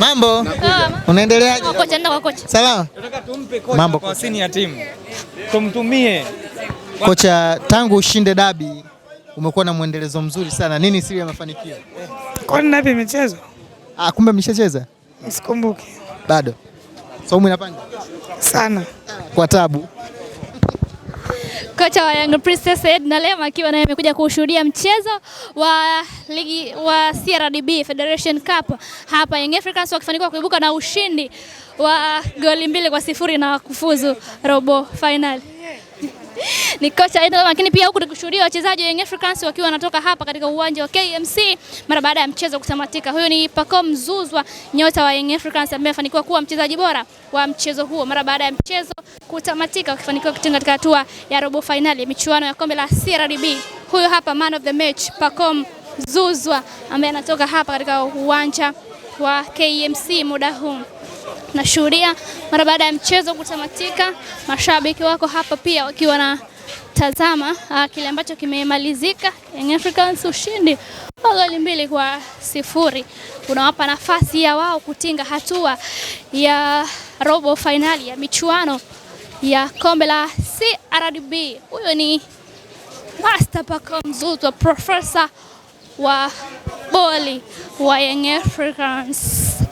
Mambo, unaendeleaje? Salama. Mambo ya timu. Tumtumie kocha. Tangu ushinde dabi umekuwa na mwendelezo mzuri sana, nini siri ya mafanikio? Kwani napi michezo? Ah, kumbe mlishacheza? Sikumbuki. Bado. Saumu inapanga? sana kwa tabu kocha wa Young Princess Edna Lema akiwa naye amekuja kushuhudia mchezo wa ligi wa CRDB Federation Cup hapa, Young Africans wakifanikiwa kuibuka na ushindi wa goli mbili kwa sifuri na kufuzu robo finali. Ni kocha Aidala, lakini pia huku tukushuhudia wachezaji wa Young Africans wakiwa wanatoka hapa katika uwanja wa KMC mara baada ya mchezo kutamatika. Huyo ni Paco Zuzwa, nyota wa Young Africans ambaye amefanikiwa kuwa mchezaji bora wa mchezo huo mara baada ya mchezo kutamatika, wakifanikiwa kutinga katika hatua ya robo fainali ya michuano ya kombe la CRDB. Huyo hapa man of the match Paco Mzuzwa ambaye anatoka hapa katika uwanja wa KMC muda huu tunashuhudia mara baada ya mchezo kutamatika, mashabiki wako hapa pia wakiwa na tazama uh, kile ambacho kimemalizika Young Africans ushindi wa goli mbili kwa sifuri unawapa nafasi ya wao kutinga hatua ya robo fainali ya michuano ya kombe la CRDB. Huyo ni Master Paka Mzutwa, profesa wa boli wa Young Africans.